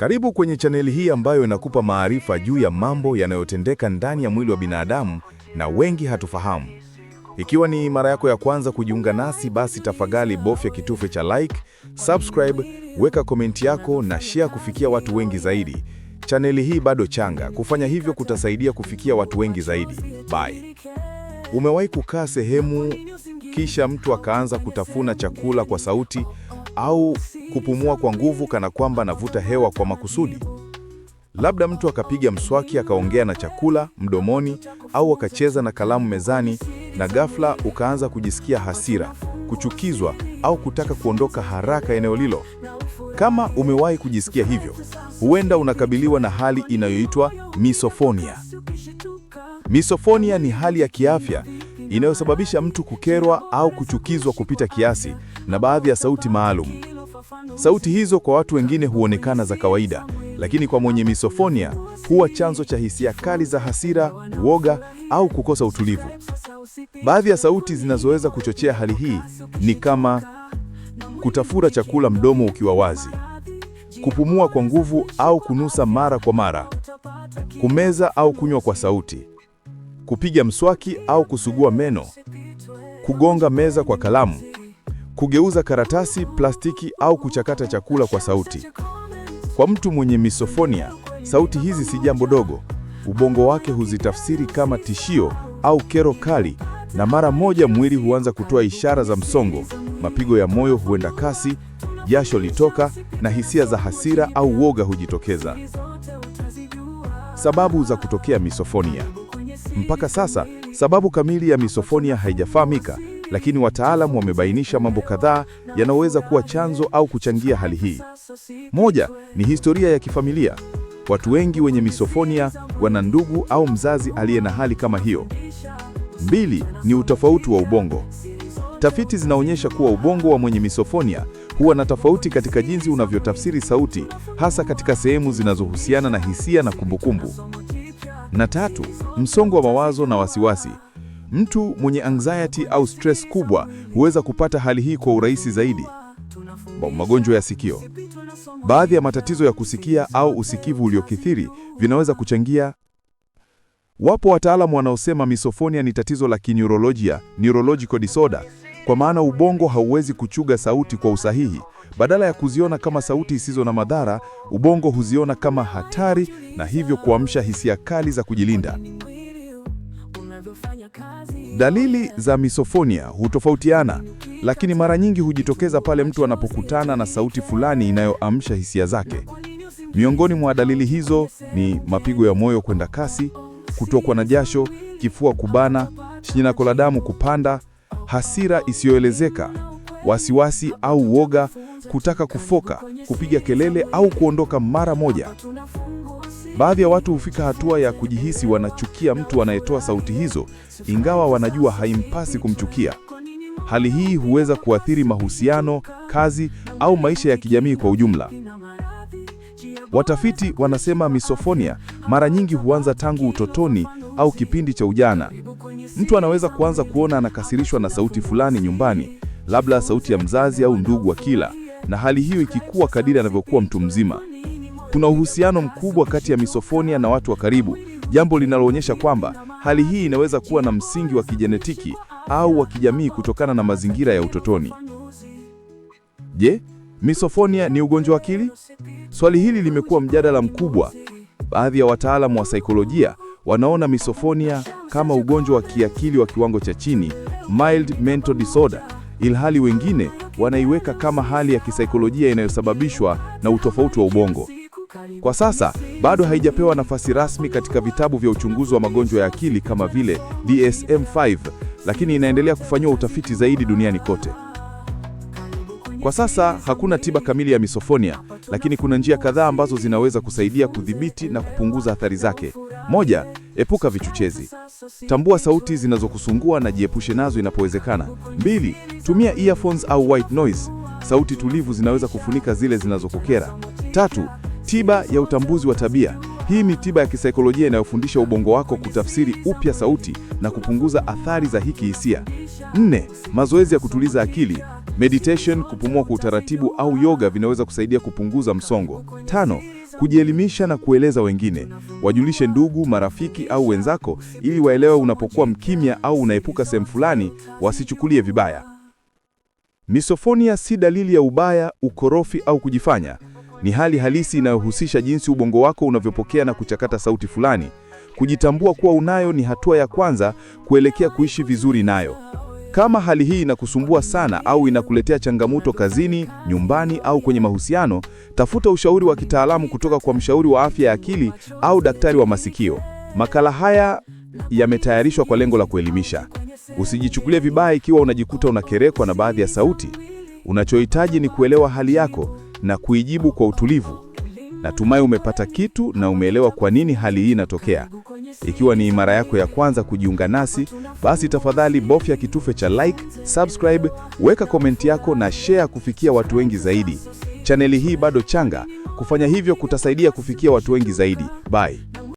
Karibu kwenye chaneli hii ambayo inakupa maarifa juu ya mambo yanayotendeka ndani ya mwili wa binadamu na wengi hatufahamu. Ikiwa ni mara yako ya kwanza kujiunga nasi, basi tafadhali bofya kitufe cha like, subscribe, weka komenti yako na share kufikia watu wengi zaidi. Chaneli hii bado changa, kufanya hivyo kutasaidia kufikia watu wengi zaidi. Bye. Umewahi kukaa sehemu kisha mtu akaanza kutafuna chakula kwa sauti au kupumua kwa nguvu, kana kwamba navuta hewa kwa makusudi. Labda mtu akapiga mswaki, akaongea na chakula mdomoni, au akacheza na kalamu mezani, na ghafla ukaanza kujisikia hasira, kuchukizwa, au kutaka kuondoka haraka eneo lilo. Kama umewahi kujisikia hivyo, huenda unakabiliwa na hali inayoitwa misofonia. Misofonia ni hali ya kiafya inayosababisha mtu kukerwa au kuchukizwa kupita kiasi na baadhi ya sauti maalum. Sauti hizo kwa watu wengine huonekana za kawaida, lakini kwa mwenye misofonia huwa chanzo cha hisia kali za hasira, uoga au kukosa utulivu. Baadhi ya sauti zinazoweza kuchochea hali hii ni kama kutafura chakula mdomo ukiwa wazi, kupumua kwa nguvu au kunusa mara kwa mara, kumeza au kunywa kwa sauti, kupiga mswaki au kusugua meno, kugonga meza kwa kalamu kugeuza karatasi, plastiki au kuchakata chakula kwa sauti. Kwa mtu mwenye misofonia, sauti hizi si jambo dogo. Ubongo wake huzitafsiri kama tishio au kero kali, na mara moja mwili huanza kutoa ishara za msongo. Mapigo ya moyo huenda kasi, jasho litoka, na hisia za hasira au woga hujitokeza. Sababu za kutokea misofonia. Mpaka sasa sababu kamili ya misofonia haijafahamika, lakini wataalamu wamebainisha mambo kadhaa yanayoweza kuwa chanzo au kuchangia hali hii. Moja ni historia ya kifamilia. Watu wengi wenye misofonia wana ndugu au mzazi aliye na hali kama hiyo. Mbili ni utofauti wa ubongo. Tafiti zinaonyesha kuwa ubongo wa mwenye misofonia huwa na tofauti katika jinsi unavyotafsiri sauti, hasa katika sehemu zinazohusiana na hisia na kumbukumbu. Na tatu, msongo wa mawazo na wasiwasi. Mtu mwenye anxiety au stress kubwa huweza kupata hali hii kwa urahisi zaidi. Magonjwa ya sikio. Baadhi ya matatizo ya kusikia au usikivu uliokithiri vinaweza kuchangia. Wapo wataalamu wanaosema misofonia ni tatizo la kinyurolojia, neurological disorder, kwa maana ubongo hauwezi kuchuga sauti kwa usahihi. Badala ya kuziona kama sauti isizo na madhara, ubongo huziona kama hatari na hivyo kuamsha hisia kali za kujilinda. Dalili za misofonia hutofautiana, lakini mara nyingi hujitokeza pale mtu anapokutana na sauti fulani inayoamsha hisia zake. Miongoni mwa dalili hizo ni mapigo ya moyo kwenda kasi, kutokwa na jasho, kifua kubana, shinyinako la damu kupanda, hasira isiyoelezeka, wasiwasi au uoga, kutaka kufoka, kupiga kelele au kuondoka mara moja. Baadhi ya watu hufika hatua ya kujihisi wanachukia mtu anayetoa sauti hizo, ingawa wanajua haimpasi kumchukia. Hali hii huweza kuathiri mahusiano, kazi au maisha ya kijamii kwa ujumla. Watafiti wanasema misofonia mara nyingi huanza tangu utotoni au kipindi cha ujana. Mtu anaweza kuanza kuona anakasirishwa na sauti fulani nyumbani, labda sauti ya mzazi au ndugu wa kila, na hali hiyo ikikua kadiri anavyokuwa mtu mzima. Kuna uhusiano mkubwa kati ya misofonia na watu wa karibu, jambo linaloonyesha kwamba hali hii inaweza kuwa na msingi wa kijenetiki au wa kijamii kutokana na mazingira ya utotoni. Je, misofonia ni ugonjwa wa akili? Swali hili limekuwa mjadala mkubwa. Baadhi ya wataalamu wa saikolojia wanaona misofonia kama ugonjwa wa kiakili wa kiwango cha chini, mild mental disorder, ilhali wengine wanaiweka kama hali ya kisaikolojia inayosababishwa na utofauti wa ubongo. Kwa sasa bado haijapewa nafasi rasmi katika vitabu vya uchunguzi wa magonjwa ya akili kama vile DSM-5, lakini inaendelea kufanyiwa utafiti zaidi duniani kote. Kwa sasa hakuna tiba kamili ya misofonia, lakini kuna njia kadhaa ambazo zinaweza kusaidia kudhibiti na kupunguza athari zake. Moja, epuka vichochezi. Tambua sauti zinazokusungua na jiepushe nazo inapowezekana. Mbili, tumia earphones au white noise. Sauti tulivu zinaweza kufunika zile zinazokukera. Tatu, Tiba ya utambuzi wa tabia. Hii ni tiba ya kisaikolojia inayofundisha ubongo wako kutafsiri upya sauti na kupunguza athari za hiki hisia. Nne, mazoezi ya kutuliza akili. Meditation, kupumua kwa utaratibu au yoga vinaweza kusaidia kupunguza msongo. Tano, kujielimisha na kueleza wengine. Wajulishe ndugu, marafiki au wenzako ili waelewe unapokuwa mkimya au unaepuka sehemu fulani, wasichukulie vibaya. Misofonia si dalili ya ubaya, ukorofi au kujifanya. Ni hali halisi inayohusisha jinsi ubongo wako unavyopokea na kuchakata sauti fulani. Kujitambua kuwa unayo ni hatua ya kwanza kuelekea kuishi vizuri nayo. Kama hali hii inakusumbua sana au inakuletea changamoto kazini, nyumbani au kwenye mahusiano, tafuta ushauri wa kitaalamu kutoka kwa mshauri wa afya ya akili au daktari wa masikio. Makala haya yametayarishwa kwa lengo la kuelimisha. Usijichukulie vibaya ikiwa unajikuta unakerekwa na baadhi ya sauti. Unachohitaji ni kuelewa hali yako na kuijibu kwa utulivu. Natumai umepata kitu na umeelewa kwa nini hali hii inatokea. Ikiwa ni mara yako ya kwanza kujiunga nasi, basi tafadhali bofya kitufe cha like, subscribe, weka komenti yako na share kufikia watu wengi zaidi. Chaneli hii bado changa, kufanya hivyo kutasaidia kufikia watu wengi zaidi. Bye.